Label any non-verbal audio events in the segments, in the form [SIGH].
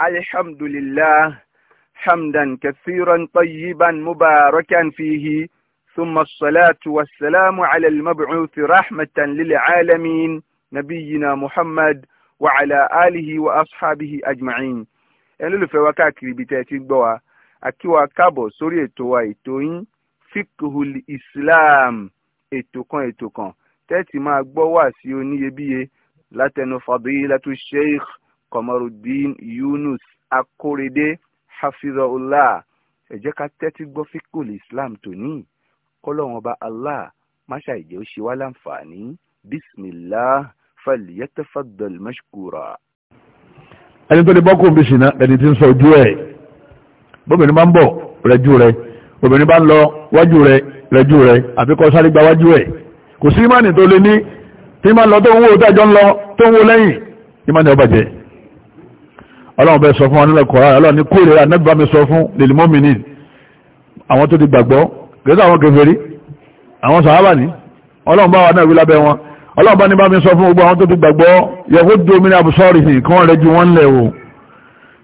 الحمد لله حمدا كثيرا طيبا مباركا فيه ثم الصلاة والسلام على المبعوث رحمة للعالمين نبينا محمد وعلى آله وأصحابه أجمعين ẹni ló fẹ́ wá káàkiri ibi tẹ́ ẹ ti gbọ́ wa àkí wa káàbọ̀ sórí ètò wa ètò yín fikhul islam ètò kan ètò kan tẹ́tì máa gbọ́ wá sí oníyebíye látẹnu fadilatu Kọmọrùdín Yunus Akórèdé hafizahullah ẹ jẹ́ ká tẹ́tí gbọ́ fíkùl Islam tòní kọ́lọ́wọ́n ọba Allah máṣá ìjẹ́ ó ṣe wá láǹfààní bismillah falyatafaddal mashkura. ẹni tó ní bọ́kùn bí ṣìnà ẹni tí ń sọ ojú ẹ̀ bóbìnrin bá ń bọ̀ rẹjú rẹ obìnrin bá ń lọ wájú rẹ rẹjú rẹ àfikọ́ sáré gba wájú ẹ̀ kò sí ìmánì tó lé ní tí máa lọ tó ń wo tó ń lọ tó ń wo lẹ́yìn ìmánì ó bàjẹ́ ọlọ́run bẹ sọ fún wọn nílẹ̀ kọ̀ọ̀rọ̀ ọlọ́run ní kórìíra anábì bá mi sọ fún lèlìmọ́mìnì àwọn tó ti gbàgbọ́ gẹ́gẹ́ àwọn kèfèrí àwọn sàhábà ní ọlọ́run bá wà náà wí lábẹ́ wọn ọlọ́run bá ní bá mi sọ fún gbogbo àwọn tó ti gbàgbọ́ yahud domini abusori hìn kí wọ́n rẹ ju wọ́n lẹ̀ o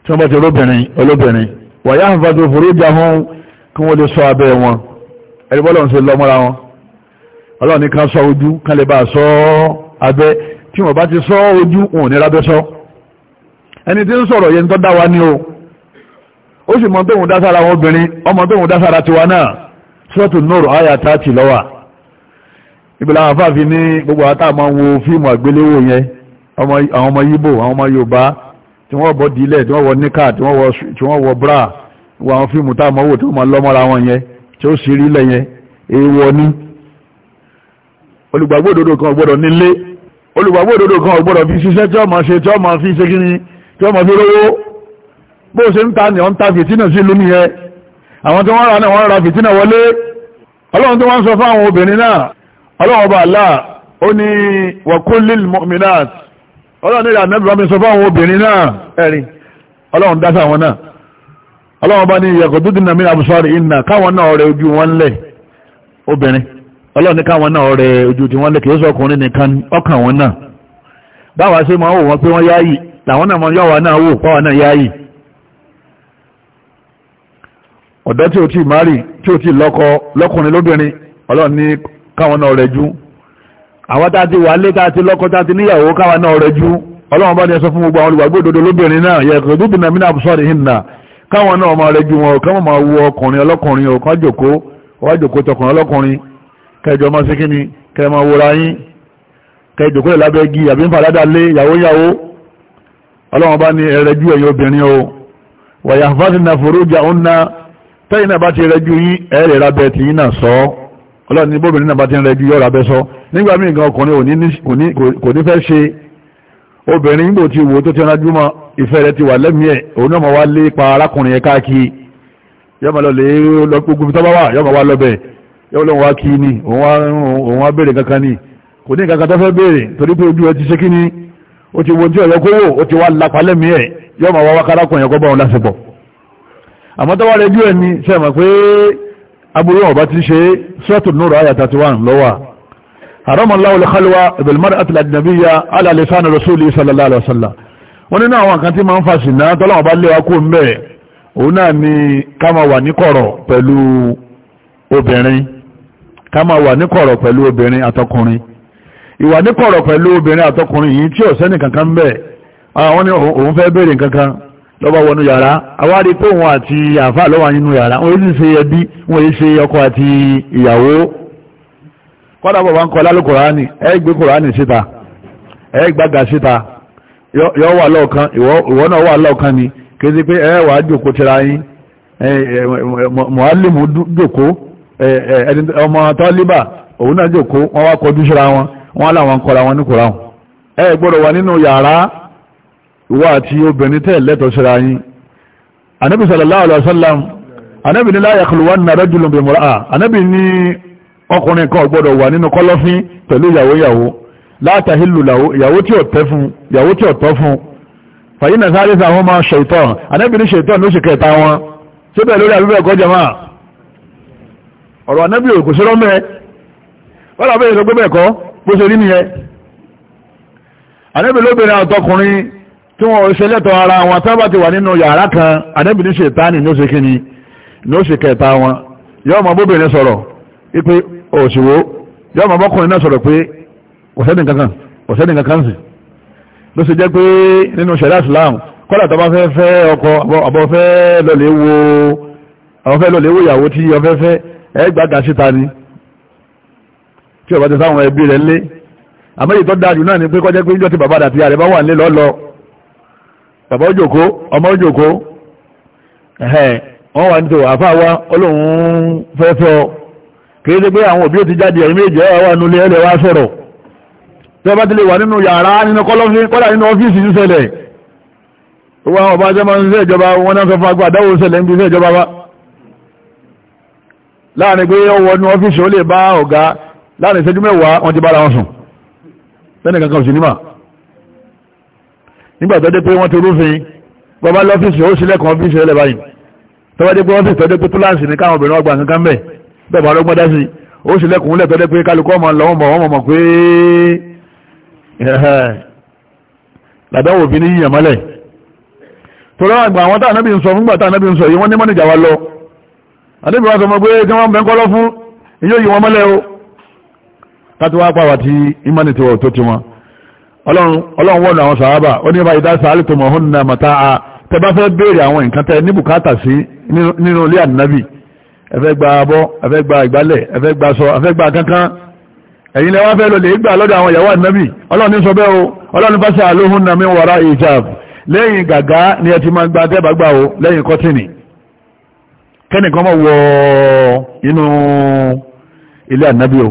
tí wọ́n bá ti olóbìnrin olóbìnrin wà yá àǹfààní òfurufú ahun kí wọ́n lè sọ abẹ́ wọn ẹni bọ́lọ̀ ń ṣe lọ́mọ́ra wọn ọlọ́run ní ká sọ ojú kálẹ̀ bá sọ abẹ́ tí wọ́n bá ti sọ ojú wọn ò ní rábẹ́ sọ ẹni tí ń sọ̀rọ̀ yẹn tó dá wa ní o ó sì mọ tóun dá sára wọn obìnrin ọmọ tóun dá sára tiwa náà sọ́tù nóòrò àyà tààtì lọ́wà ìbìlà àwọn afáàfin ní gbogbo àtà máa ń wo fíìmù àgbéléwò yẹn àwọn ọmọ yíbò àwọn ọmọ yorùbá tí wọ́n bọ́ dílẹ̀ tí wọ́n wọ níkà tí wọ́n wọ bra wọ fíìmù tá tí wọ́n máa lọ́mọ́ra wọn yẹn tí ó sì rí yẹn èèwọ̀ ni olùgbàgbọ́ òdodo kan ò gbọ́dọ̀ nílé olùgbàgbọ́ òdodo kan ò gbọ́dọ̀ fi ṣiṣẹ́ tí wọ́n máa ṣe tí wọ́n máa fi ṣe kí ni tí ọmọ fi rówó bó ṣe nta ta ní ọ̀n ta fìtínà sí ìlú nìyẹn àwọn tí wọ́n ra náà wọ́n ra fìtínà wọlé ọlọ́run tí wọ́n sọ fún àwọn obìnrin náà ọlọ́run ọba àlá ó ní wàkúlìl ọlọ́run ní sọ fún àwọn obìnrin náà ẹ̀rí ọlọ́run wọn náà ọlọ́run ọba ní nàmí káwọn náà rẹ ojú wọn obìnrin ọlọ́run ní káwọn náà rẹ ojú kìí nìkan ọkàn wọn náà làwọn náà mọ yọ́wà náà wò pàwà náà yáyì ọ̀dọ́ tí ó ti márì tí ó ti lọ́kọ lọ́kùnrin lóbìnrin ọlọ́run ní káwọn náà rẹjú àwọn tá ti wà lé tá ti lọ́kọ ti níyàwó káwọn náà rẹjú ọlọ́run bá ní ẹsọ fún gbogbo àwọn lóbìnrin náà yẹ kò dúdú hìnnà káwọn náà máa wọn ọkùnrin ọlọ́kùnrin jòkó ọlọ́wọ́n bá ní ẹrẹjú ẹ̀yin obìnrin o wàyà fásitì fòrójà ọ̀nà tẹ́yìn náà bá ti rẹjú yín ẹ̀rẹ̀ rabẹ̀ tí yín náà sọ ọlọ́ni bóbìnrin náà bá ti rẹjú yọ́ rabẹ̀ sọ nígbà míì gan ọkùnrin kò ní fẹ́ ṣe obìnrin nígbò tí wo tó ti rájú mọ́ ìfẹ́ rẹ ti wà lẹ́mìí ẹ̀ òun náà mọ̀ wá lé pa arákùnrin yẹn káàkiri yọ́ lọ lè gbogbo tó bá wà yọ́ wá lọ́bẹ̀ yọ́ lọ́wọ́ wá kí ni ó ti wo tí ọ̀yọ́ kówó ó ti wá lápá lẹ́mí ẹ̀ yọ́ ma wá wákàrá kan ẹ̀kọ́ bá wọn lásìpọ̀ àmọ́ tó wá rẹ̀ jú ẹ̀ ní sẹ́mà pé aburú ọ̀bá ti ṣe sọ́tù nùrù àyà 31 ala lisan rasuli sallallahu alaihi wasallam wọ́n nínú àwọn kan tí máa ń fa ni ká máa wà ní kọ̀rọ̀ pẹ̀lú obìnrin ká máa ìwà ní kọ̀rọ̀ pẹ̀lú obìnrin àtọkùnrin yìí tí ò sẹ́ni kankan bẹ̀ àwọn ah, òun fẹ́ bèèrè kankan lọ́ba wọnú yàrá àwárí pé òun àti àfà lọ́wọ́ nínú yàrá wọ́n yìí ṣe ẹbí wọ́n yìí ṣe ọkọ àti ìyàwó kọ́dà ń kọ lálù korani ẹ sita ni wọ́n láwọn ń kọ́ra wọn ní kòrán ẹ gbọ́dọ̀ wà nínú yàrá ìwọ àti obìnrin tẹ́ lẹ́tọ̀ọ́ síra yín anábì sallallahu alaihi wasallam anábì ní la yakhluwanna rajulun bi mar'a anábì wà tí ò tẹ́ fún ìyàwó tí ò ọ̀rọ̀ anábì òkú sí rọ́mẹ́ wọ́n làbẹ́ ìṣẹ́gbẹ́bẹ̀ ẹ̀kọ́ bó ṣe rí nìyẹn ànábì lóbìnrin àtọkùnrin tí wọ́n ṣe lẹ́tọ̀ ara wọn tábà ti wà nínú yàrá kan ànábì ní ṣètánì ní ó ṣe kíni ní ó ṣe kẹta wọn yọ́ ma bóbìnrin sọ̀rọ̀ ipé òṣìwò yọ́ ma bọ́kùnrin náà sọ̀rọ̀ pé ọ̀sẹ́ni kankan ọ̀sẹ́ni kankan sí ló ṣe jẹ́ pé nínú ṣẹ̀dá Islam kọ́lá tó bá fẹ́ fẹ́ ọkọ àbọ̀ fẹ́ lọ́lẹ̀ wo ìyàwó tí ọfẹ́fẹ́ ẹgbàgà síta tí ọba ti sáwọn ẹbí rẹ̀ lé àmọ́ èyí tó dájú náà ni pé kọjá pé ìjọ ti bàbá àti ààrẹ bá wà nílẹ̀ ọlọ bàbá òjòkó ọmọ òjòkó ẹ̀hẹ́ wọ́n wà nítorí àfáà wa olóhun fẹ́fẹ́ ọ kìí ṣe pé àwọn òbí ò ti jáde ẹ̀yìn méjì ẹ̀wà wà nulẹ̀ ẹ̀lẹ̀ wá sọ̀rọ̀ tí ọba ti lè wà nínú yàrá nínú kọ́lọ́fín kọ́lá nínú ọ́fíìsì ń ṣẹlẹ̀ wọ́n ọba jẹ́ máa ń ṣe ìjọba wọn náà sọ fún agbó àdáwò ṣẹlẹ̀ ń bí ṣe ìjọba wa láàrin pé ó wọnú ọ́fíìsì ó lè bá ọ̀gá láàrin ìṣẹ́jú mẹ́wàá wọ́n ti bára wọn sùn lẹ́nì kankan sí nímà nígbà tọ́dé pé wọ́n ti rúfin bọ́bá lọ́fíìsì ó sílẹ̀ kan fíìsì ẹlẹ́ báyìí tọ́wọ́dé pé ọ́fíìsì tọ́dé pé túláàsì ní káwọn obìnrin ọgbà kankan bẹ̀ bẹ́ẹ̀ bá rọ́gbọ́n dá sí ó sílẹ̀ kùn lẹ̀ tọ́dé pé kálukọ́ ọmọ lọ́wọ́ mọ̀ wọ́n mọ̀ pé làdáwò obìnrin yìyàn mọ́lẹ̀ tọ́lá àgbà àwọn táànábì ń sọ fúngbà táànábì o tàbí wá pàwà tí imani ti wọ̀ tó ti wọn ọlọ́run wọ́n àwọn sàábà ó ní bá ìdá sàálì tó mọ̀hún náà mọ̀ta a tẹ bá fẹ́ béèrè àwọn nǹkan tẹ ní bùkátà sí nínú ilé ànábì ẹfẹ́ gba abọ́ ẹfẹ́ gba ìgbálẹ̀ ẹfẹ́ gba aṣọ ẹfẹ́ gba kankan ẹ̀yin lẹ́wọ́n fẹ́ lò lè gbà lọ́dọ̀ àwọn ìyàwó ànábì ọlọ́run sọ bẹ́ẹ̀ o ọlọ́run fásitì àlóhùn náà mi ìjàb lẹ́yìn gàgá ni ẹ ti máa gba dẹ́bà gbà o lẹ́yìn kọ́tìnì kẹ́nìkan mọ̀ wọ inú ilé ànábì o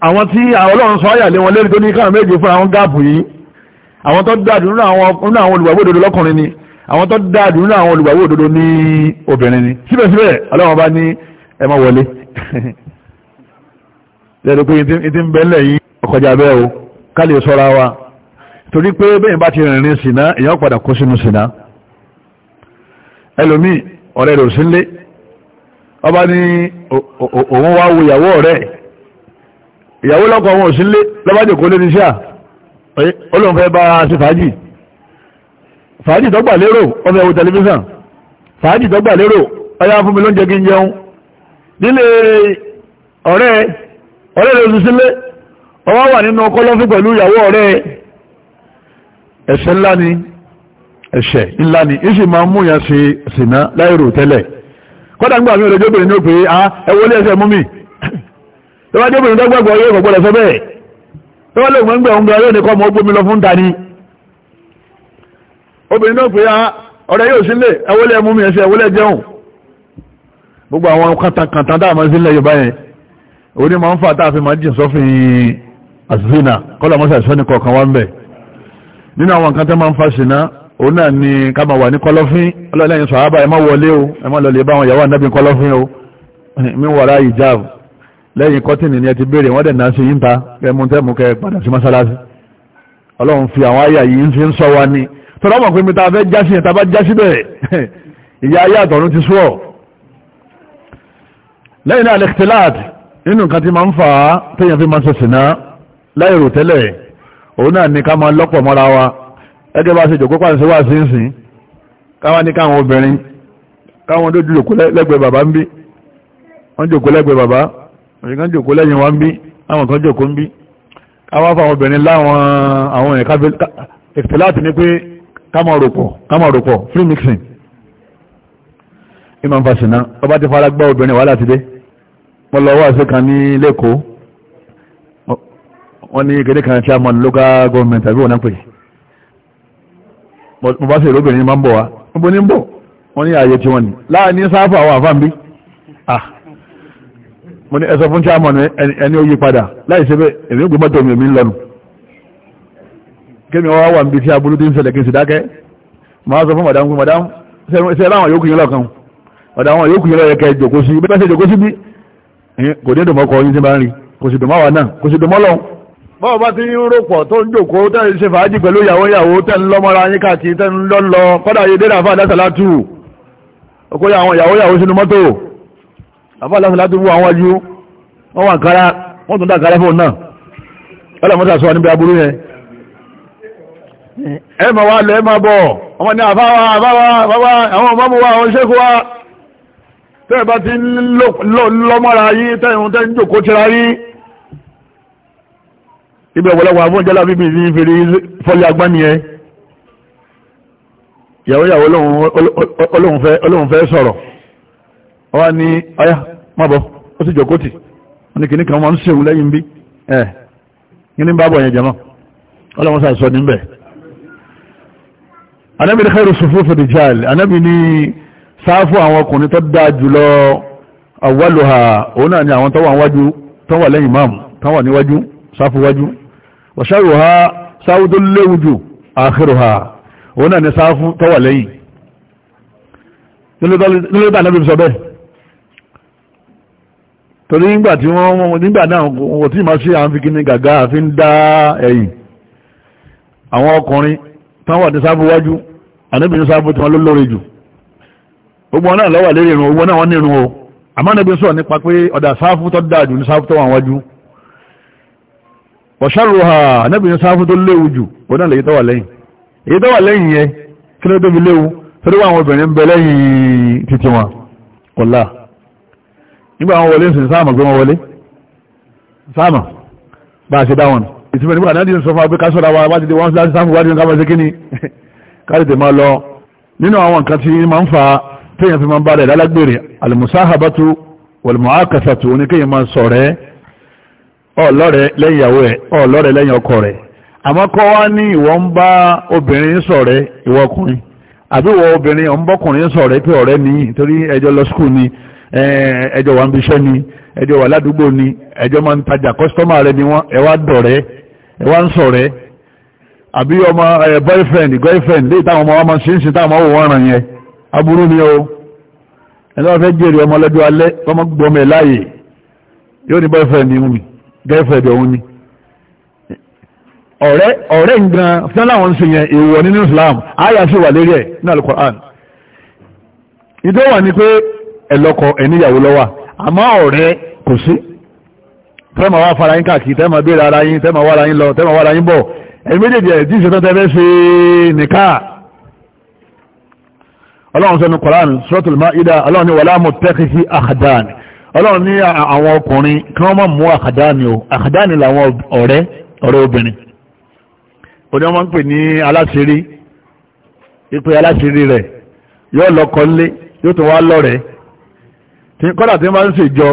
àwọn tí ọlọ́run sọ ayàlé wọn lérí tó ní káà méje fún àwọn gáàpù yìí àwọn tó dáàdù nínú àwọn olùgbàgbọ́ òdodo lọ́kùnrin ni àwọn tó dáàdù nínú àwọn olùgbàgbọ́ òdodo ní obìnrin ni síbẹ̀síbẹ̀ ọlọ́run bá ní ẹ má wọlé lẹ́nu [LAUGHS] pé ìdí ń bẹ́lẹ̀ yìí ọkọjá bẹ́ẹ̀ o ká lè sọ́ra wa torí pé bẹ́yìn bá ti rìnrìn sínà èèyàn padà kó sínú sínà ẹlòmíì ọ̀rẹ́ rẹ̀ ò sí ń lé ọba ní òun wá wo ìyàwó ọ̀rẹ́ ìyàwó lọ́kọ̀ wọn ò sí lé lọ́bájòkó lé ní sáà olóòfẹ́ bá ṣe fàájì fàájì tọ́gbà lérò ọmọ ẹ̀wọ̀ tẹlifíṣàn fàájì tọ́gbà lérò ọya fún mi lóúnjẹ kí n jẹun nílé ọ̀rẹ́ ọ̀rẹ́ rẹ̀ oṣù sílé ọwọ́ wà nínú kọ́lọ́fí pẹ̀lú ìyàwó ọ̀rẹ́ ẹ̀ṣẹ̀ ńlá ni ẹ̀ṣẹ̀ ńlá ni ìṣì máa mú yàn ṣe ṣìnà láìrò tẹ́lẹ̀ kọ́dà ń gbà mí ọ̀rẹ́jọ́bìnrin ní ó pé ah, ẹwọlé ẹsẹ̀ mú mi tó wá débìnrin dọ́gbàgbọ́ yóò kò gbọ́dọ̀ sọ bẹ́ẹ̀ tó wá lóògùn ẹgbẹ̀ ọmọ yóò ní kọ́ ọmọ ó gbómi lọ fún ta ni obìnrin náà pé ah, ọ̀rẹ́ yóò sílẹ̀ ẹwọ́lẹ̀ mú mi ẹsẹ̀ ẹwọ́lẹ̀ jẹun gbogbo àwọn kàtàkàtà dáàmà sílẹ̀ Yorùbá yẹn òní máa ń fà tá a fi máa jìn sọ́fin àzínà kọ́lá mọ́sà ìsọ́ni kọ̀ọ̀kan wá ń bẹ̀ nínú àwọn nǹkan tó máa ni ká máa wà ní kọ̀lọ̀fín ọlọ́lẹ́yìn sọ̀hábà ẹ má wọlé o ẹ má lọ lè mi wàrà ìjáàbù lẹ́yìn kọ́tìnì ni ẹ ti béèrè wọ́n dẹ̀ náà sí yínta kẹmú tẹ́mú kẹ padà sí mọ́sálásí ọlọ́run fi àwọn àyà yìí ń fi ń sọ wa ní tọ́lá mọ̀ pé mi ta fẹ́ jásí ẹ̀ ta bá jásí bẹ̀ [LAUGHS] ìyá ayé àtọ̀run ti sọ́ lẹ́yìn náà lẹ́kìtìláàt nínú nǹkan ti máa ń fà á téèyàn fi máa ń sọ̀sìn náà láìrò tẹ́lẹ̀ òun náà ní ká máa lọ́pọ̀ mọ́ra wa ẹgẹ́ bá ṣe jòkó pàṣẹ wà sí ń ní káwọn obìnrin káwọn tó jòkó lẹ́gbẹ̀ẹ́ bàbá ń bí wọ́n jòkó lẹ́gbẹ̀ẹ́ bàbá òṣìkan jòkó lẹ́yìn wa ń bí àwọn kan jòkó ń bí káwá fún àwọn obìnrin láwọn àwọn ẹ̀ka ní pé kámọ̀rọ̀pọ̀ free mixing imam fasina ọba ti fara gbá obìnrin wà láti dé wọ́n lọ wá sí kan ní lẹ́kọ̀ọ́ wọ́n ní kéde kan tí a mọ̀ local government àbí wọ́n náà pè mo bá sì lóbìnrin máa ń bọ̀ wá gbogbo ní ń bọ̀ wọ́n ní ààyè tí wọ́n ní láàrin sáfà àwọn àfáà mo ní ẹsọ fún chairman ẹni ó yí padà láì ṣe bẹ́ẹ̀ èmi ń gbé mọ́tò mi èmi ń lọ́nu kémi wá wà níbi tí aburú ti ń ṣẹlẹ̀ kí n sì dákẹ́ máa sọ fún madam pé madam ṣe láwọn yóò kù yín lọ́kàn ọ̀dà àwọn yóò kù yín lọ́yẹ̀ kẹ́ jòkó sí bẹ́ẹ̀ ṣe jòkó sí bí kò ní dùnmọ́ kọ yín tí bá ń rí kò sì dùnmọ́ wà náà kò sì dùnmọ́ lọ́hùn. báwo bá ti ń ròpọ̀ tó ń jòkó tẹ́ ń ṣe fàájì pẹ̀lú ìyàwó ìyàwó tẹ́ ń lọ́mọ́ra yín káàkiri tẹ́ ń lọ́lọ́ kọ́dà yé dé àfáàlá fún ládùúgbò àwọn ajú wọ́n wà kára wọ́n tún dá kára fún náà ọlọ́mọ́ta sọ níbi aburú yẹn ẹ ma wá lẹ́ ma bọ̀ ọmọ ní àfáwà àfáwà àfáwà àwọn ọmọ wa àwọn ṣẹ́kù wa tẹ́ẹ̀ bá ti lọ́mọ́ra yí tẹ́yìn tẹ́yìn jòkó tíra rí ibi ọ̀pọ̀lọpọ̀ àfúnjẹ́lá bíbí ní fèrè fọ́lé agbáni ẹ ìyàwó ìyàwó olóhun fẹ́ sọ̀rọ̀ ọwá ní ọyá mọ́bọ̀ ó sì jọkótì wọ́n ní kìíní kan wọ́n ń sèun lẹ́yìn bí ẹ̀ yìí bá bọ̀ yẹn jẹ́mọ́ ọlọ́wọ́n sàṣọ níbẹ̀ anábì ní khairu sufufu rijal anábì ní sáfù àwọn ọkùnrin tó dáa jùlọ awwaluha òun náà ni àwọn tó wà wájú tó wà lẹ́yìn máàmù tó wà níwájú sáfù wájú wa sharruha sáfù tó léwu jù akhiruha òun náà ni sáfù tó wà lẹ́yìn nílùú tàbí sọ bẹ́ẹ̀ torí nígbà tí wọ́n nígbà náà kò tí ma ṣe à ń fi kíní gàgá àfi ń dá ẹ̀yìn àwọn ọkùnrin tán wà ní sáàbù wájú àníbìnrin sáàbù tí wọ́n ló lórí jù gbogbo náà lọ́wà lérí irun owó náà wọ́n nírun o àmọ́ níbi sọ nípa pé ọ̀dà sáàfù tó dáa jù ní tó wájú ọ̀ṣàrò ha àníbìnrin sáàfù tó léwu jù ó náà lèyí tó wà lẹ́yìn èyí tó wà nígbà wọn wọlé nsìn sáàmà gbé wọn wọlé sáàmà bá a ṣe dáwọn ìsinmi nígbà náà nínú sọfà pé kásọ̀rọ̀ àwọn abájídé wọn láti sáàmù wádìí nǹkan máa ṣe kíni [LAUGHS] káàdìdè máa lọ nínú àwọn nǹkan tí máa ń fa téèyàn fi máa ń bá rẹ̀ lálágbèrè alìmùsáhàbátú wàlìmùákàsàtù oníkéyàn máa ṣọ̀rẹ́ ọ̀lọ́rẹ̀ lẹ́yìn ìyàwó ẹ̀ ọ̀lọ́rẹ̀ lẹ́yìn ọkọ rẹ̀ àmọ́ kọ́ wá ẹjọ́ wà ń bíṣẹ́ ni ẹjọ́ wà ládùúgbò ni ẹjọ́ máa ń tajà kọ́sítọ́mà rẹ ni wọ́n ẹwà dọ̀rẹ́ ẹwà ń sọ̀rẹ́ àbí ọmọ boyfriend girlfriend lè táwọn ọmọ ọmọ sí ń sin táwọn ọmọ wọn ràn yẹn aburú ni o na fẹ́ jèrè ọmọ lọ́jọ́ alẹ́ ọmọ gbọmọ ẹ̀ láàyè yóò ní boyfriend ni mi girlfriend òun ni ọ̀rẹ́ ọ̀rẹ́ ngan fún láwọn sí yẹn èèwọ̀ nínú Islam àyà sì wà ẹ̀ ní ìdó wà ní pé ẹlọ́kọ ẹníyàwó lọ́wà àmọ́ ọ̀rẹ́ kò sí tẹ́mà wá fara yín káàkiri tẹ́mà béèrè ara yín tẹ́mà wára yín lọ tẹ́mà wára yín bọ̀ ẹni méjèèjì ẹ̀dí ìṣẹ́tọ́ tẹ́fẹ́ ṣe nìká ọlọ́run sẹ́nu Qur'an Suratul Maida ọlọ́run ni wala muttakhidhi akhdan ọlọ́run ní àwọn ọkùnrin kí wọ́n má mú àkàdáni o àkàdáni làwọn ọ̀rẹ́ ọ̀rẹ́ obìnrin ó ní wọ́n máa ń pè ní aláṣírí ipò aláṣírí rẹ̀ yóò lọ́kọ́ nlé yóò tún wá lọ́rẹ̀ẹ́ tí kọ́dà tí wọ́n bá ń ṣe ìjọ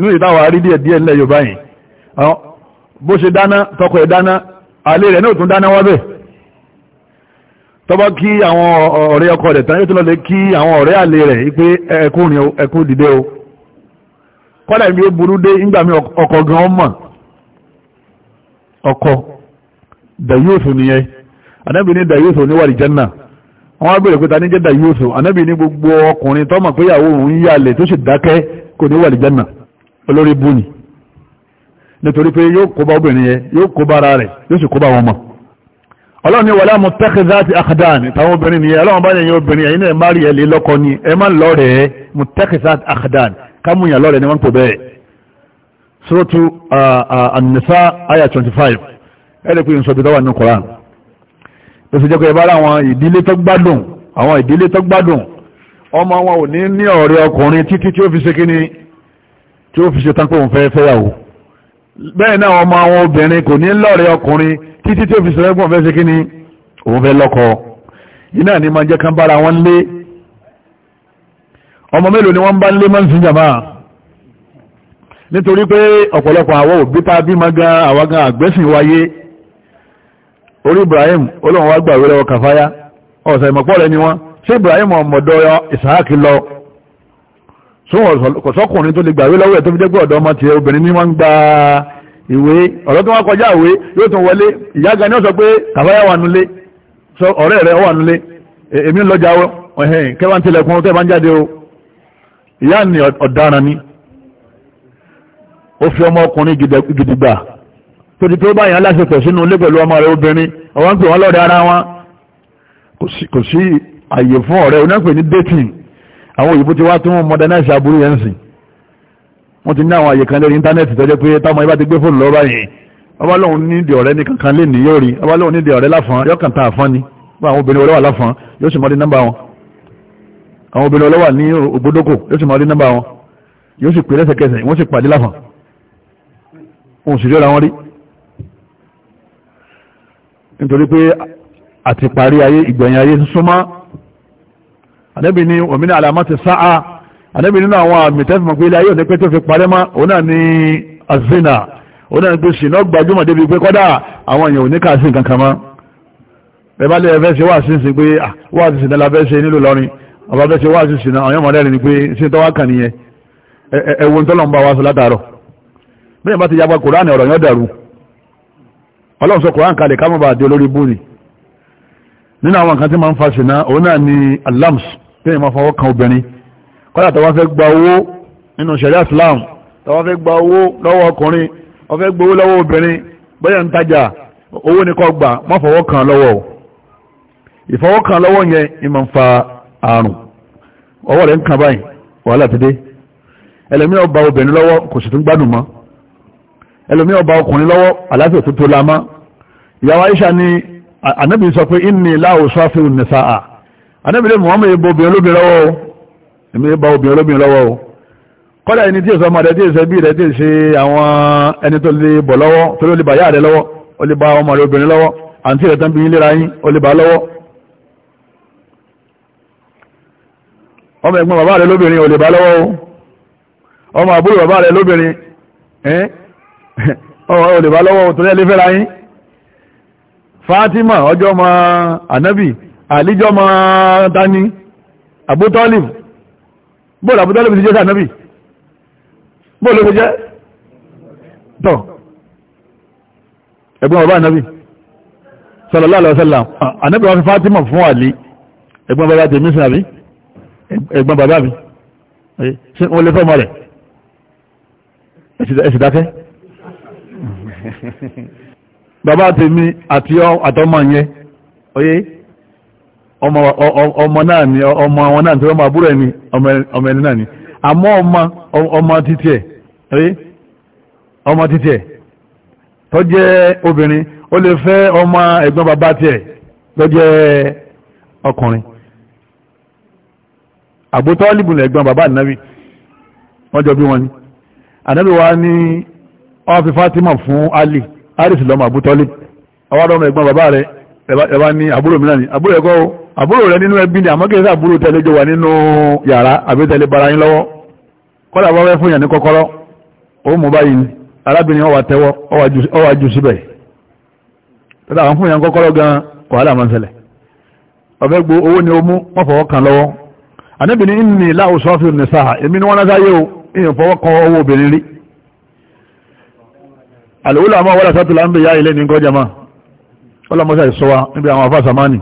ní ìtawà rí díẹ̀ díẹ̀ nílẹ̀ Yorùbá yìí bó ṣe dáná tọkọ ẹ̀ dáná àlè rẹ̀ náà tún dáná wá bẹ̀ tọ́bọ́ kí àwọn ọ̀rẹ́ ọkọ rẹ̀ tán yóò tún lọ lè kí àwọn ọ̀rẹ́ àlè rẹ̀ pé ẹkùnrin ẹkùn dìde o kọ́dà ibi burú dé nígbà mí ọkọ gan mọ̀ ọkọ dàyóòfù nìyẹn anábìnrin dàyóòfù níwàlì wọ́n bèèrè pé ta ní jẹ́dà Yúsù anábì ní gbogbo ọkùnrin tó mọ̀ pé ìyàwó òun yàlẹ̀ tó sì dákẹ́ kò ní wà lè jẹ́nà olórí bú ni nítorí pé yóò kó bá obìnrin yẹ yóò kó bá ara rẹ̀ yóò sì kó bá wọn mọ̀ ọlọ́run ni wàlá mutakhizati akhdan táwọn obìnrin nìyẹn ọlọ́run bá yẹn obìnrin yẹn náà má ẹ̀ lé lọ́kọ ni ẹ má lọ́rẹ̀ uh, uh, ẹ mutakhizati 25 ẹ̀rẹ́ pé n sọ bí lọ́wọ́ ló fi jẹ́ pé ẹbára àwọn ìdílé tó gbádùn àwọn ìdílé tó gbádùn ọmọ wọn ò ní ní ọ̀rẹ́ ọkùnrin títí tí ó fi ṣe kíní tí ó fi ṣe tán pé òun fẹ́ fẹ́yàwó bẹ́ẹ̀ náà ọmọ àwọn obìnrin kò ní lọ́rẹ́ ọkùnrin títí tí ó fi ṣe fẹ́ ṣe kíní òun fẹ́ lọ́kọ iná ni máa jẹ́ kán bára wọn lé ọmọ mélòó ni wọ́n bá lé máa ń sin jàmá nítorí pé ọ̀pọ̀lọpọ̀ àwọn òbí tá a bí máa gan àwọn gan àgbẹ́sìn wáyé orí Ibrahim olóhùn wá gbà wẹ́rẹ́ ọkàfáyá ọ̀sẹ̀ ìmọ̀pọ̀ rẹ̀ ni wọ́n ṣé Ibrahim ọmọdọ́ Isaac lọ sọ́kùnrin tó lè gbàwé lọ́wọ́ ẹ̀ tó fi jẹ́ pé ọ̀dọ́ ọmọ tiẹ̀ obìnrin ni wọ́n ń gba ìwé ọ̀rọ̀ tó wá kọjá ìwé yóò tún wọlé ìyá gan ni ó e, ni ọ̀daràn ni ó torí pé ó báyìí aláṣepọ̀ sínú ilé pẹ̀lú ọmọ rẹ̀ obìnrin ọwọ́n pè wọ́n lọ́dẹ ara wọn kò sí àyè fún ọ̀rẹ́ onípè ní dating àwọn òyìnbó ti wá tún modernize aburú yẹn sìn wọ́n ti ní àwọn àyè kan lórí íńtánẹ́ẹ̀tì tọ́jọ́ pé táwọn ibà ti gbé fóònù lọ́wọ́ báyìí ọba lóun nídìí ọ̀rẹ́ ní kankan lè níyó rí ọba nídìí ọ̀rẹ́ láfọn yóò kàn tán àfọn ni àwọn obìnrin olówà láfọn yóò sì mọ́ rí nọ́mbà wọn àwọn obìnrin olówà ní ògbódókò yóò sì mọ́ rí nọ́mbà wọn yóò sì pè lẹ́sẹ̀kẹsẹ̀ wọ́n sì pàdé láfọn òun sì rí ọ̀rọ̀ wọn rí nítorí pé àti parí ayé ìgbẹ̀yìn ayé súnmọ́ ànábì ní òmìnira àlàmọ́tì sáà ànábì nínú àwọn àmì tẹ́fìmọ̀ pé ilé ayé òní pé tó fi parẹ́ mọ́ òun náà ní azina òun náà ní pé ṣìnà gbajúmọ̀ débi pé kọ́dà àwọn èèyàn òní kà sí nǹkan mọ́ ẹ̀bá lè ṣe wáàsí sí ah, ni pé ṣe tọ́wá kàn nìyẹn ẹ̀wọ̀n wa sọ látàárọ̀ bí ẹ̀bá ti yapa kòránì ọlọ́run sọ kòrán kalẹ̀ kámọ́ bá dé olórí búrì nínú àwọn nǹkan tí ma ń fa ṣìnà òun náà ni alams tí ma fọwọ́ kan obìnrin kọ́lá tọwọ́ fẹ́ gba owó nínú ṣẹ̀ríà Islam tọwọ́ fẹ́ gba owó lọ́wọ́ ọkùnrin ọfẹ́ gbowó lọ́wọ́ obìnrin bóyá ń tajà owó ní kó gbà má fọwọ́ kan lọ́wọ́ ìfọwọ́ kan lọ́wọ́ yẹn ni ma ń fa àrùn ọwọ́ rẹ̀ ń kan báyìí wàhálà ti dé ẹlẹ́mìíràn ba obìnrin lọ́wọ́ kò sì tún gbádùn mọ́ ẹlòmí ọba ọkùnrin lọ́wọ́ aláfẹ́ tó tó lámá ìyàwó Aisha ni anábì sọ pé inni láò sáfẹ́ nìsáà anábì lè mọ́ mẹ́ ibò obìnrin lóbin lọ́wọ́ o èmi bá obìnrin lóbin lọ́wọ́ o kọ́dà ẹni tí ìsọmọ rẹ̀ tí ìṣẹ́ bí rẹ̀ tí ìṣe àwọn ẹni tó lè bọ̀ lọ́wọ́ tó lè bá yá rẹ̀ lọ́wọ́ ó lè bá ọmọ obìnrin lọ́wọ́ ọmọ ẹ̀gbọ́n bàbá rẹ̀ lóbìnrin ó lè bá lọ́wọ́ ọmọ àbúrò bàbá rẹ̀ lóbìnrin [LAUGHS] ọ̀rọ̀ olè bá lọ́wọ́ torí ẹlẹ́fẹ́ ra yín Fatima ọjọ́ ma anabi àlíjọ́ ma tani abútọ́lìf bóòlù abútọ́lìf ti jẹ́ sí anabi bóòlù ti jẹ́ tọ́ ẹgbọ́n bàbá anabi sallallahu alaihi anabi wọn fi Fatima fún àlí ẹgbọ́n bàbá tèmi sí àbí ẹgbọ́n bàbá mi ṣe wọ́n lè fẹ́ mọ́ rẹ̀ ẹ̀sìdákẹ́ [LAUGHS] bàbá tèmi àti àtọmọ yẹn oyé ọmọ náà ni ọmọ àwọn náà tí wọ́n máa búrò ẹni ọmọ ẹni náà ni àmọ́ ọmọ ọmọ títí ẹ̀ oyé ọmọ títí ẹ̀ tó jẹ́ obìnrin ó lè fẹ́ ọmọ ẹ̀gbọ́n bàbá tiẹ̀ tó jẹ́ ọkùnrin àbótọ́ líbùn lẹ̀gbọ́n bàbá ànábì wọ́n jọ bí wọn ni ànábì wa wọ́n fi Fatima fún Ali aris lọ́mọ abútọ́lé ọwọ́dọ́mọ ẹ̀gbọ́n bàbá rẹ̀ ẹ̀bá ní àbúrò mìíràn ní àbúrò ẹ̀kọ́ àbúrò rẹ̀ nínú ẹbí ni àmọ́ kìí sàbúrò tẹ́lẹ̀ jọ wà nínú yàrá àbí tẹ́lẹ̀ bara yín lọ́wọ́ kọ́dà bá fẹ́ fún yàn ní kọ́kọ́rọ́ ni arábìnrin ọwà tẹ́wọ́ ọwà jù síbẹ̀ tọ́lá àwọn fún yàn kọ́kọ́rọ́ gan wàhálà máa ń ṣẹlẹ̀ ọ̀fẹ́ gbo owó ni ó mú wọ́n fọwọ́ kan lọ́wọ́ anábìnrin ní láwùsọ́fì nìsáà èmi ni wọ́n lásán yé o ìyẹn fọwọ́ àlòwúlò àmọ́ wọ́lá sátìlá ń bè yá ilé ní kọjá máa wọ́lá mọ́sá ìsọwa níbi àwọn afá samani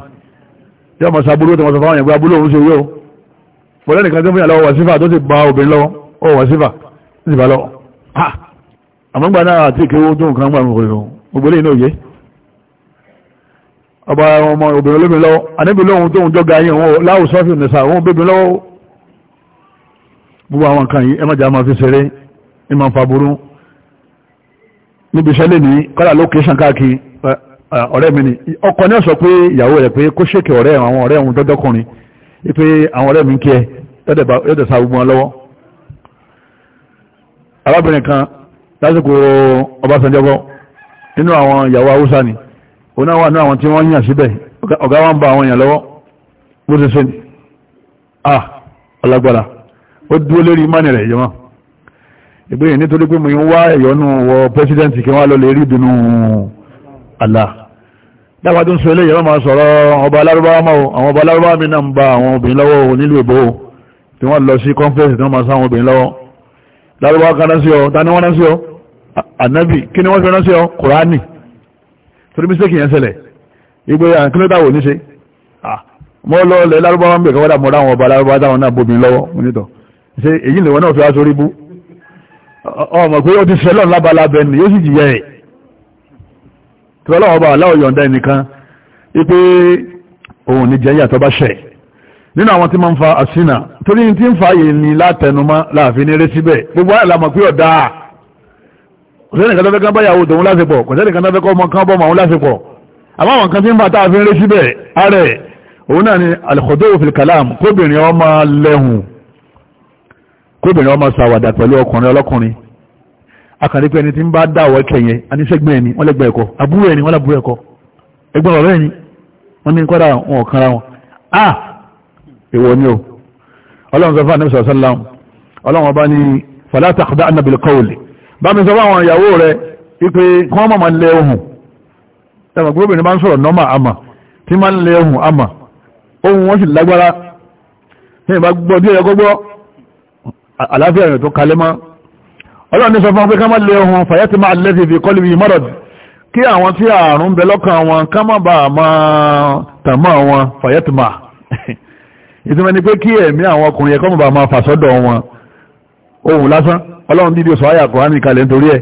yọ́ mọ́sá búrú tó mọ́sá fáwọn ẹ̀gbẹ́ abúlò òun ṣe yóò wọ́lá nìkan tó fún yàlọ́wọ́ wàsífà tó ti bá obìnrin lọ́wọ́ ó wàsífà tó ti bá lọ́wọ́ ha àmọ́gbà náà àti ìkéwó tó nǹkan gbà gbogbo lẹ́yìn òye ọba ọmọ obìnrin olómi lọ́wọ́ anábì lóhun tó ń jọ́ga yín òun láwù sọ́fì nìsa òun bébì lọ́wọ́ gbogbo àwọn nǹkan yìí ẹ má jà máa fi ṣeré ẹ má fa burú níbi iṣẹ́ lè ní kọ́là lókèṣàn káàkiri ọ̀rẹ́ mi ni ọkọ ní ọ̀sọ̀ pé ìyàwó rẹ̀ pé kó ṣèkè ọ̀rẹ́ àwọn ọ̀rẹ́ òun dọ́dọ́kùnrin pé àwọn ọ̀rẹ́ mi ń kí ẹ yọ́dẹ̀ sa gbogbo wọn lọ́wọ́ arábìnrin kan lásìkò Ọbásanjọ́gọ́ nínú àwọn ìyàwó Haúsá ni òun àwọn àwọn tí wọ́n yàn síbẹ̀ ọ̀gá wọn bá àwọn èèyàn lọ́wọ́ bó ṣe ṣe ah ọlágbára ó dúró lórí ìmánì rẹ̀ yẹmọ́ ìgbéyè nítorí pé mo ń wá ẹ̀yọ́nú wọ president kí wọ́n lọ lè rí ìdùnnú Allah dáwà tó ń sọ eléyìí wọ́n máa sọ̀rọ̀ ọba alárúbáwá máa àwọn ọba alárúbáwá mi náà ń ba àwọn obìnrin lọ́wọ́ nílùú èbó tí wọ́n lọ sí conference tí wọ́n máa sáwọn obìnrin lọ́wọ́ lárúbáwá kan náà sí ọ ta ni wọ́n náà sí ọ ànábì kí ni wọ́n fi náà ọmọ pé ó ti fẹ́ lọ́n lábalábẹ́ ni yóò sì jìyà ẹ̀ tí wọ́n lọ́wọ́ bá aláwọ̀ yọ̀ǹda ẹnìkan wípé òun ní jẹ́ yàtọ̀ bá ṣẹ̀ nínú àwọn tí ma ń fa àsínà torí tí ń fa yìí ni látẹnumọ́ láàfin eré síbẹ̀ gbogbo àyà pé ọ̀dà kóbìnrin ọmọ sàwàdà pẹ̀lú ọkùnrin ọlọ́kùnrin akàrí pé ẹni tí ń bá dáwọ̀ ẹkẹ yẹn aníṣẹ́gbẹ́ ẹni wọ́n lẹ́gbẹ́ ẹ̀kọ́ àbúrò ẹni wọ́n lábúrò ẹ̀kọ́ ẹgbọ́n ọ̀rẹ́ ẹni wọ́n ní kọ́dà wọn ọ̀kan ra wọn a ìwọ ni o ọlọ́run sọ fún àdébí sọ̀rọ̀ láwọn ọlọ́run ọba ní fala taqda'na bil qawli bá mi sọ fún àwọn ìyàwó rẹ wípé kí wọ́n máa lẹ ohùn ẹ̀mọ̀ pé obìnrin máa ń sọ̀rọ̀ nọ́mà àmà tí máa ń lẹ ohùn àmà ohùn wọn sì lágbára tí ìbá gbọ́ bí ẹ̀yọ́ gbọ́ àláfíà rẹ̀ tó kalẹ́ mọ́ ọlọ́run ní sọ fún pé ká má lè ohun fàyẹ́tì máa lẹ́sì fi kọ́lù bíi mọ́rọ̀d kí àwọn tí àrùn bẹ lọ́kàn wọn ká má bàa máa tàmọ́ wọn fàyẹ́tì máa [LAUGHS] ìtumọ̀ ni pé kí ẹ̀mí àwọn ọkùnrin ẹ̀kọ́ mọ̀ bàa máa fà sọ́dọ̀ wọn ohun lásán ọlọ́run dídí oṣù àyà kọ́ ánì kalẹ̀ nítorí ẹ̀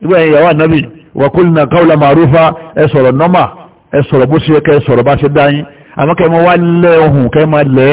nígbà yẹn ìyàwó ànábì wàkúlùnà káwùlà màrúfà ẹ sọ̀rọ̀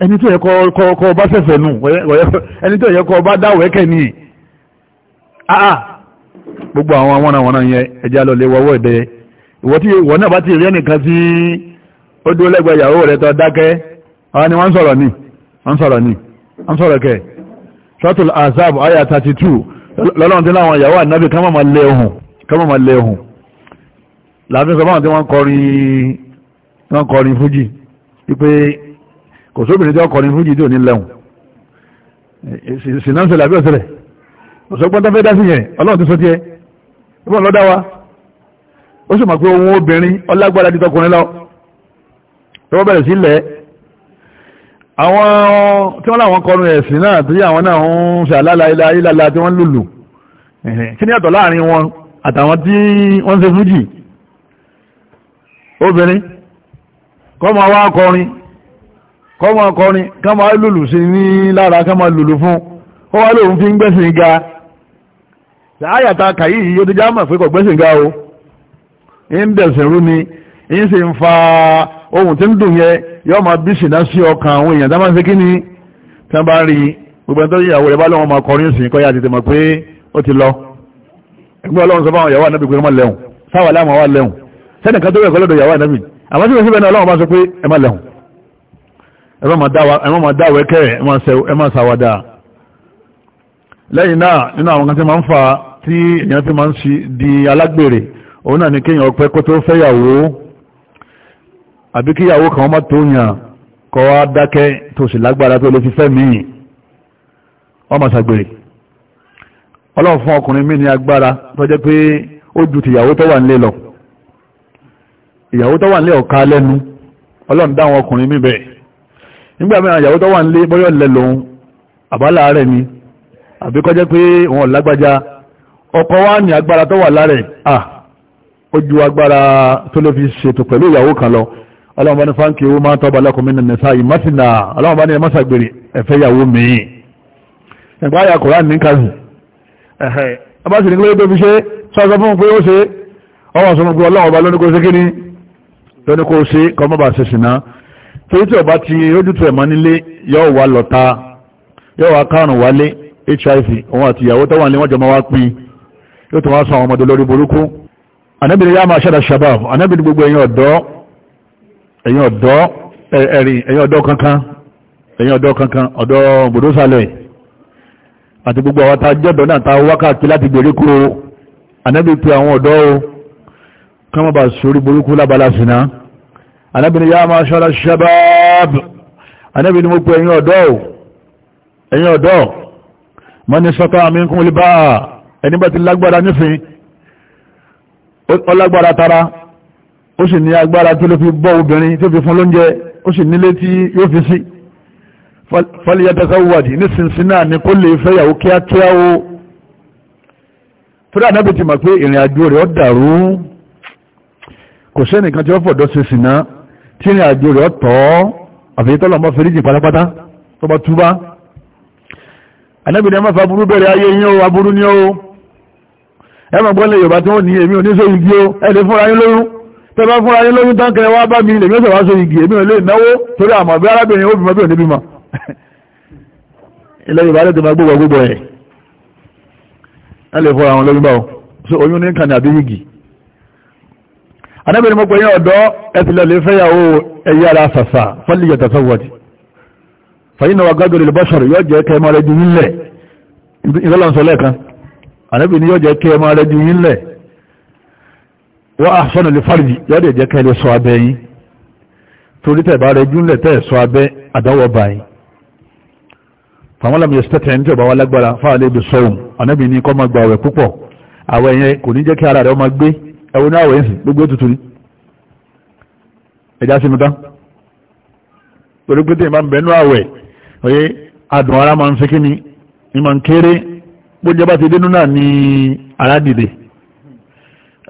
ẹni tó yẹ kọ ọba sẹ́fẹ̀ nù ẹni tó yẹ kọ ọba dáwọ̀ ẹ́kẹ́ ní àà ah, ah. gbogbo àwọn awọ́nàwọ́nà yẹn ẹjá lọ lè wọ́wọ́ ìdẹ ìwọ́n náà bá ti rí ẹnìkan sí ó dúró lẹ́gbẹ̀ẹ́ ìyàwó rẹ̀ tó dákẹ́ àwọn ni wọ́n sọ̀rọ̀ ní wọ́n sọ̀rọ̀ ní wọ́n sọ̀rọ̀ kẹ́ suratul azab aya 32 lọ́lọ́run tí láwọn ìyàwó ànábì ká máa lé ohùn ká máa lé ohùn láàfin sọ báwọn tí wọ́n kọrin fújì wípé kò sóbìnrin tí ọkọrin fújì tí ò ní lẹ́hùn sinanṣẹ́lẹ̀ àbí ọ̀sẹ̀lẹ̀ ọ̀sọ́gbọ́n tó fẹ́ dá sí yẹn ọlọ́run ti sọ tiẹ̀ ọlọ́run lọ́dá wa ó sì mọ̀ pé ohun obìnrin ọlágbára dídọ́ ọkùnrin lọ tọ́wọ́ bẹ̀rẹ̀ sí lẹ̀ àwọn tí wọ́n láwọn kọrin ẹ̀sìn náà tí àwọn náà ń ṣe àlálà ìlàlà tí wọ́n lùlù kí ni yàtọ̀ láàrin wọn àtàwọn tí wọ́n ṣe fújì kọ́ máa kọrin ká máa lùlù sí ní lára ká máa lùlù fún ó wá lóun fi ń gbẹ́sìn ga láyàtà ta yóò ti já mọ̀ pé kò gbẹ́sìn ga o ń dẹ̀sìn rú ni ń sì ń fa ohun tí ń dùn yẹ yóò máa bí ṣìnà sí ọkàn àwọn èèyàn dámà sí kíni tí wọ́n bá rí gbogbo ẹni tó yàwó rẹ̀ bá lọ́wọ́ máa kọrin sí kọ́ yá tètè mọ̀ pé o ti lọ ẹgbẹ́ ọlọ́run sọ fáwọn yàwó ànábì pé ọmọ lẹ́hùn sáwà láwọn wà lẹ́hùn sẹ́nìkan tó wẹ̀ kọ́lọ́dọ̀ yàwó ànábì àmọ́ síbẹ̀síbẹ̀ náà ọlọ́run bá sọ pé ẹ má lẹ́hùn ẹmọ́ ma dáwẹ́ kẹ́ ẹmọ́ sàwádà lẹ́yìn náà nínú àwọn kan tí ma ń fa tí èyàn fi ma ń si di alágbèrè òun náà ni kéèyàn ọpẹ́ kó tó fẹ́yàwó àbí kíyàwó kan má tó yàn kọ́ wá dákẹ́ tó sì lágbára tó lè fi fẹ́ míì wọ́n ma ṣàgbèrè ọlọ́run fún ọkùnrin mí ní agbára tó jẹ́ pé ó ju ti ìyàwó tó wà nílé lọ ìyàwó tó wà nílé ọ̀ká lẹ́nu ọlọ́run dáwọn ọkùnrin mí bẹ́ẹ̀ nígbà mẹ́rin àyàwó tó wà nílé bọ́yọ̀ lẹ lòun àbálà rẹ̀ ni àbí kọjẹ́ pé wọn lágbájá ọkọ wá ní agbára tó wà lárẹ̀ à ó ju agbára tó lè fi ṣètò pẹ̀lú ìyàwó kan lọ ọlọ́run bá ní fáńkì owó máa ń tọ́ba lọ́kùnrin nínú ẹ̀sá yìí mọ́sìnà ọlọ́run bá ní ẹ̀mọ́ sàgbèrè ẹ̀fẹ́ ìyàwó mi-ín ẹ̀gbá ayà kòrán ní kazù ẹ̀hẹ́ ọba ní kílódé fi ṣe sọ́sọ́ fún pé ó ṣe ọwọ́ sọmọ pé ọlọ́run ọba ṣe kí ni lóníkó ṣe kọ́mọ́bà ṣe ṣìnà torí tí ọba ti rójútu ẹ̀mọ́ nílé yọ́ wà lọ́ta yọ́ wà kárùn wálé hiv òun àti ìyàwó tó wà ní wọ́n jọ máa wá pín yóò tó wá sọ àwọn ọmọdé lórí burúkú anábìnrin yá máa ṣẹ́dá shabab anábìnrin gbogbo ẹ̀yin ọ̀dọ́ ẹ̀yin ọ̀dọ́ ẹ̀rìn ẹ̀yin ọ̀dọ́ kankan ẹ̀yin ọ̀dọ́ kankan ọ̀dọ́ bòdósàlẹ̀ àti gbogbo àwọn tajọ́dọ̀ náà ta wákàtí láti gbèríkú anábìnrin pé àwọn ọ̀dọ́ o kọ́mọ́bà sórí burúkú lábala sínú anábìnrin yá máa ṣọ́ra ṣabab anábìnrin gbogbo ẹ̀yin ọ̀dọ́ ẹ̀yin ọ̀dọ́ mọ́ ní sọ́tọ́ àmì kún olè bá ẹni bá ti lágbára nífin ọlágbára tara ó sì ní agbára tí ló fi bọ́ obìnrin tó fi fún lóúnjẹ ó sì nílé tí yóò fi sí fọ́líyàtàsáwàdì nísinsìnà ní kó tí ní àjò rẹ̀ tọ́ àfẹ́yẹ́tọ́lọ̀ mọ́ fẹ́ríjì pátápátá tó bá túbá anábìnrin ẹmọ́fà burú bẹ̀rẹ̀ ayé yín o aburú ní o ẹmọ̀ gbọ́lẹ̀ yorùbá tí wọ́n ní èmi ò ní sóyìn gí o ẹ̀lẹ́ fúnra yín lóyún tẹ́ bá fúnra yín lóyún tán kẹrẹ wá bá mi lèmi ó sọ̀rọ̀ sóyìn gí èmi ò lè náwó torí àmọ̀ bí arábìnrin ó bímọ bí ò bímọ ilẹ̀ yorùbá lè ti máa gbogbo ẹ̀ ẹ fúnra wọn lóyún báwo so oyún ní kàní àbí yìgì anábìnrin mọ́pọ̀ yẹn ọ̀dọ́ ẹ̀tìlẹ̀lẹ̀ fẹ́yàwó ẹ̀yà ara sàsà fọ́lì yàtàsọ́wọ́dì fàyínà wà gádùn lè bọ́ṣọ̀rọ̀ yóò jẹ́ kẹ́ máa rẹ̀ ju yínlẹ̀ ìrọ́lọ́nsọ lẹ́ẹ̀kan anábìnrin yóò jẹ́ kẹ́ máa rẹ̀ ju yínlẹ̀ wọ́n àṣọ́nà lè fàrìjì yóò jẹ́ kẹ́ lè sọ abẹ́ yín torí tẹ̀ bá rẹ̀ júnlẹ̀ tẹ̀ sọ abẹ́ àdáwọ̀ báyìí fàwọn làmì ẹ̀sítẹ́tẹ̀ ní ọba wa lágbára ẹ̀wọ̀n náà wẹ̀yìn sí gbogbo tutù ní ẹ̀já sínú tán torí pé tí ìbá ń bẹ̀ẹ́nú àwẹ̀ oyé adùn ara máa ń fi kíni ní máa ń kéré gbójẹ́ bá ti dénú náà ní ara dìde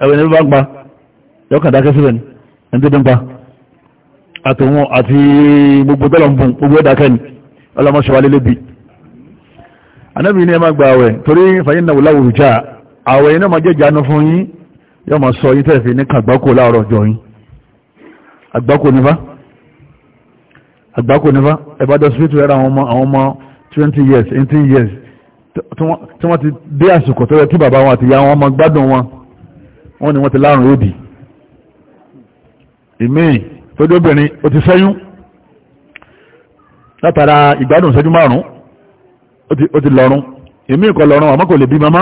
ẹ̀wọ̀n ní bá ń pa yọkàn dákẹ́ síbẹ̀ ní ẹni tó dé pa àtòwọn àti gbogbo tọ́lọ̀ ń bùn gbogbo ẹ̀dákẹ́ ni ọlọ́mọṣẹ́wálé lébi anábìyí ni ẹ máa gba àwẹ̀ torí fàyín náà wò láwùjá àwẹ̀ iná máa jẹ́ ìjánu fún yín yọ́ ma sọ yí tẹ́ẹ̀fì ní kàgbákò láàrọ̀ ọjọ́ yìí àgbákò nífà àgbákò nífà ẹ̀bádọ́ síwítù ẹ̀rọ àwọn ọmọ àwọn ọmọ 20 years 18 years tí wọ́n ti dé àsìkò tó yẹ kí bàbá wọn àti ìyá wọn ọmọ gbádùn wọn wọ́n ní wọ́n ti láàrùn òdì ìmíì tójú obìnrin ó ti sẹ́yún látara ìgbádùn ìṣẹ́jú márùn-ún ó ti lọ́rùn ìmíì kò àmọ́ kò lè bí mamá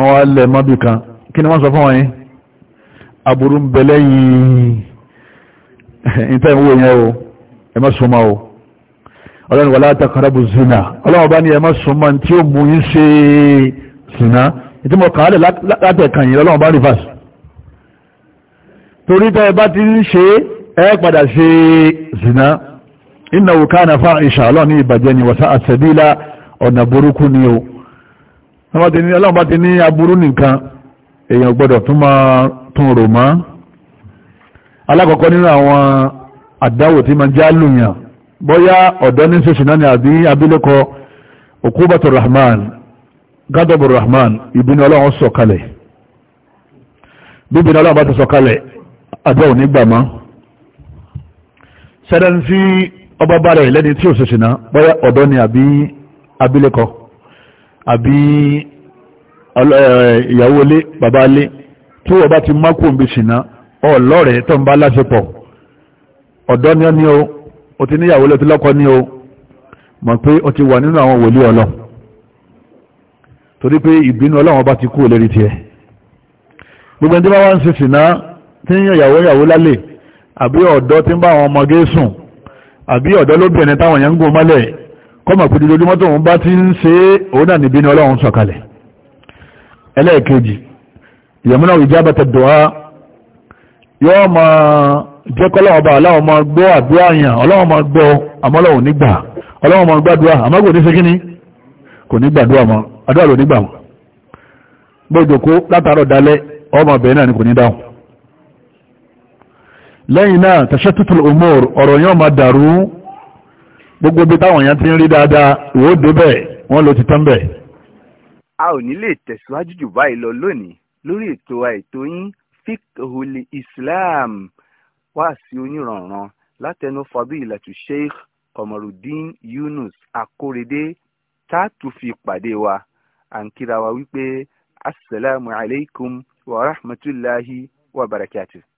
wọ́n wá lẹ̀ mọ́bì kan kí ni wọ́n sọ fún wọn yìí aburú ń bẹ lẹ́yìn [LAUGHS] ìtẹ́ ìwò yẹn o ẹ má súnmọ́ o ọlọ́run wà láti àkàràbù zina ọlọ́run bá ní ẹ má súnmọ́ tí ìbàjẹ́ ni wàsá àṣẹ́bílà ọ̀nà burúkú ni o ọlọ́run bá ti ní aburú nìkan èèyàn gbọ́dọ̀ tún máa tún rò mọ́ alákọ̀ọ́kọ́ nínú àwọn àdáwò tí máa já lùyàn bóyá ọ̀dọ́ ní ṣe ṣìnáni àbí abilékọ òkúbàtò rahman gádọ́bù rahman ìbínú ọlọ́run sọ̀kalẹ̀ bíbínú ọlọ́run bá ti sọ̀kalẹ̀ àdáwò nígbà mọ́ sẹ́dẹ̀ ń fi ọba bá rẹ̀ lẹ́ni tí ò ṣe ṣìná ọ̀dọ́ ni àbí abilékọ àbí ìyàwó lé bàbá lé tí wọ́n bá ti mákò ń bí ṣìnà ọlọ́rẹ̀ tó ń bá láṣepọ̀ ọ̀dọ́ ni ó ní o ó ti níyàwó lé ti lọ́kọ ní o mọ̀ pé ó ti wà nínú àwọn wòlíì ọlọ́ torí pé ìbínú ọlọ́wọ́n bá ti kú lérí tiẹ̀ gbogbo ẹni tí wọ́n wá ń ṣe ṣìnà tí ń yàwó yàwó lálẹ́ àbí ọ̀dọ́ tí ń bá àwọn ọmọge sùn àbí ọ̀dọ́ lóbìnrin táwọn èèyàn ń gùn mọ́lẹ̀ kọ́mọ̀ pé dídójúmọ́ tó ń bá ti ń ṣe òun náà níbi ní ọlọ́run sọ̀kalẹ̀ ẹlẹ́ẹ̀kejì ìyẹ̀múnà ìjábàtà dùá yóò máa jẹ́ kọ́lọ́wọ́ bá aláwọ̀ máa gbọ́ àdúrà yàn ọlọ́wọ́ máa gbọ́ àmọ́lọ́wọ́ nígbà ọlọ́wọ́ máa gbàdúrà àmọ́ kò ní ṣe kíní kò ní gbàdúrà mọ́ àdúrà ló nígbà mọ́ gbọ́jòkó látàárọ̀ dalẹ́ ọmọ bẹ̀rẹ̀ náà ni kò ní dáhùn lẹ́yìn ọ̀rọ̀ yóò máa dàrú gbogbo bí táwọn èèyàn ti ń rí dáadáa ìwò débẹ̀ wọ́n ló ti tán bẹ̀. a ò ní lè tẹ̀síwájú jù báyìí lọ lónìí lórí ètò àìtó yín fiqhul islam wá sí onírànran látẹnu fadilatu sheikh Komarudin Yunus Akórèdé tá a tún fi pàdé wa à ń kíra wa wípé asalaamualeykum wa rahmatulahi wa barakatuh.